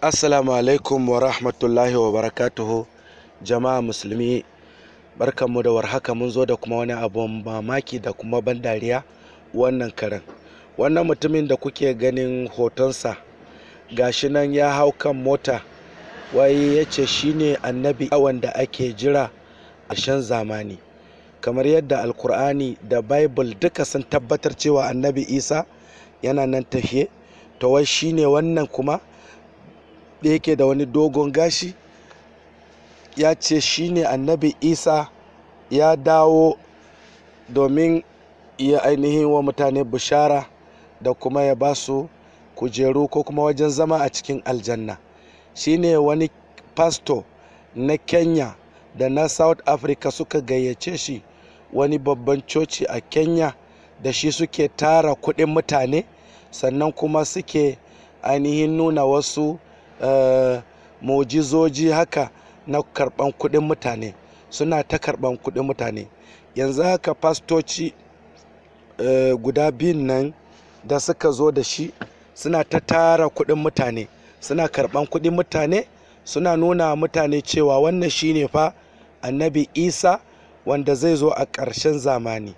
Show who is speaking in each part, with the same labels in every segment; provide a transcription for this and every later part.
Speaker 1: assalamu alaikum wa rahmatullahi wa barakatuhu jama'a musulmi barkanmu da warhaka mun zo da kuma wani abun mamaki da kuma ban dariya wannan karen wannan mutumin da kuke ganin hotonsa gashi nan ya hau kan mota wai ya ce shine annabi wanda ake jira a shan zamani kamar yadda alkur'ani da bible duka sun tabbatar cewa annabi isa yana nan tafiye to wai shine wannan kuma da yake da wani dogon gashi ya ce shi ne annabi isa ya dawo domin ya ainihin wa mutane bishara da kuma ya ba su kujeru ko kuma wajen zama a cikin aljanna shi ne wani pasto na kenya da na south africa suka gayyace shi wani babban coci a kenya da shi suke tara kudin mutane sannan kuma suke ainihin nuna wasu Eh, mujizoji haka na karban kuɗin mutane suna ta karban kuɗin mutane yanzu haka fastoci eh, guda biyun nan da suka zo da shi suna ta tara kuɗin mutane suna karban kuɗin mutane suna nuna mutane cewa wannan shine fa annabi isa wanda zai zo a ƙarshen zamani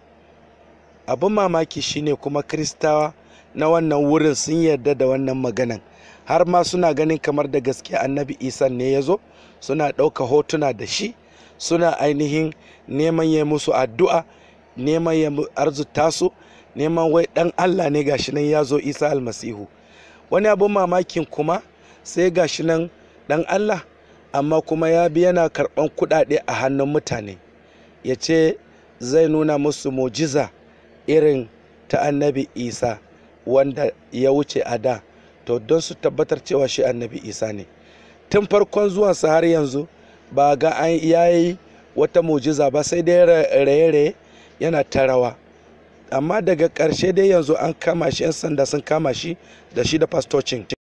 Speaker 1: abin mamaki shine kuma kristawa na wannan wurin sun yarda da wannan maganan har ma suna ganin kamar da gaske annabi isa ne ya zo suna ɗauka hotuna da shi suna ainihin neman ya musu addu'a neman ya arzuta su neman wai ɗan allah ne gashi nan ya zo isa almasihu wani abun mamakin kuma sai gashi nan ɗan allah amma kuma ya bi yana karɓan kuɗaɗe a hannun mutane ya ce zai nuna musu mujiza irin ta annabi isa wanda ya wuce a da to don su tabbatar cewa shi annabi isa ne tun farkon zuwan sa har yanzu ba ga an yayi wata mujiza ba sai dai raye-raye yana tarawa amma daga ƙarshe dai yanzu an kama shi 'yan sanda sun kama shi da shi da fastocin